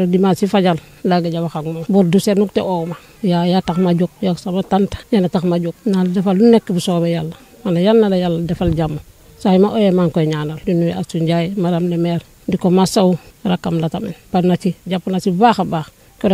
di ma ci fajal la gëj jaw mom bor du senuk te ooma ya ya yaa tax ma jog ya sama tante nee na tax ma jog na defal lu nekk bu soobe yalla man ne na la yalla defal jamm say ma ooyee maa ngi koy ñaanal di nuyu astu ndjay madame le maire di ko masaw rakam la tamen par na ci japp na ci bu baax baax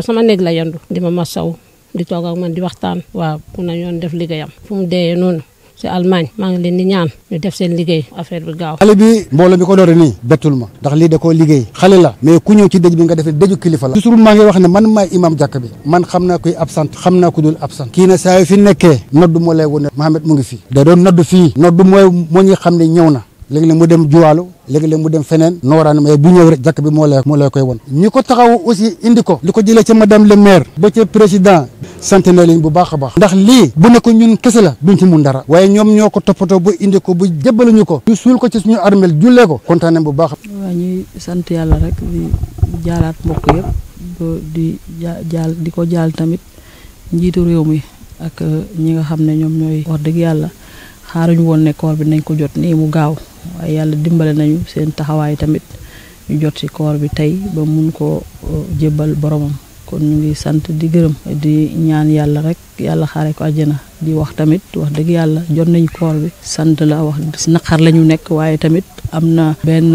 sama neeg la yandu di ma masaw di toog ak man di waxtaan waaw ku na yoon def liggéeyam fu mu deeyee noonu si Allemagne maa ngi leen di ñaan ñu def seen liggéey affaire bi gaaw xale bi bi ko doore nii bettul ma ndax lii da koo liggéey xale la mais ku ñëw ci dëj bi nga defee dëju kilifa la toujours maa ngi wax ne man maay imam jàkk bi man xam naa kuy absent xam naa ku dul absent kii na saa yu fi nekkee noddu moo lay wone Mohamed mu ngi fii da doon noddu fii noddu mooy xam ne ñëw na léegi-léeg mu dem juwaalu léegi-léeg mu dem feneen nooraan mais bu ñëw rek jàkk bi moo lay moo lay koy won ñi ko taxaw aussi indi ko li ko jëlee ci madame le maire ba ci président sant na leen bu baax a baax ndax lii bu ne ko ñun kese la duñ ci mun dara waaye ñoom ñoo ko toppatoo bu indi ko bu jébbalu ñu ko ñu suul ko ci suñu armel jullee ko kontaan nañ bu baax waaw ñuy sant yàlla rek di jaalaat mbokk yëpp di jaal di ko jaal tamit njiitu réew mi ak ñi nga xam ne ñoom ñooy wax dëgg yàlla xaaruñ woon ne koor bi nañ ko jot nii mu gaaw waaye yàlla dimbale nañu seen taxawaay tamit ñu jot ci koor bi tey ba mun koo uh, jébbal boromam kon ñu ngi sant di gërëm di ñaan yàlla rek yàlla xaare ko àjjana di wax tamit wax dëgg yàlla jot nañu koor bi sant la wax naqar la ñu nekk waaye tamit am na benn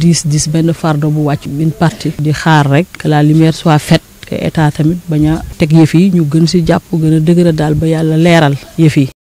diis diis benn fardo bu wàcc une partie di xaar rek que la lumière soit faite que état tamit bañ teg yëf yi ñu gën si jàpp gën a dëgëra daal ba yàlla leeral yëf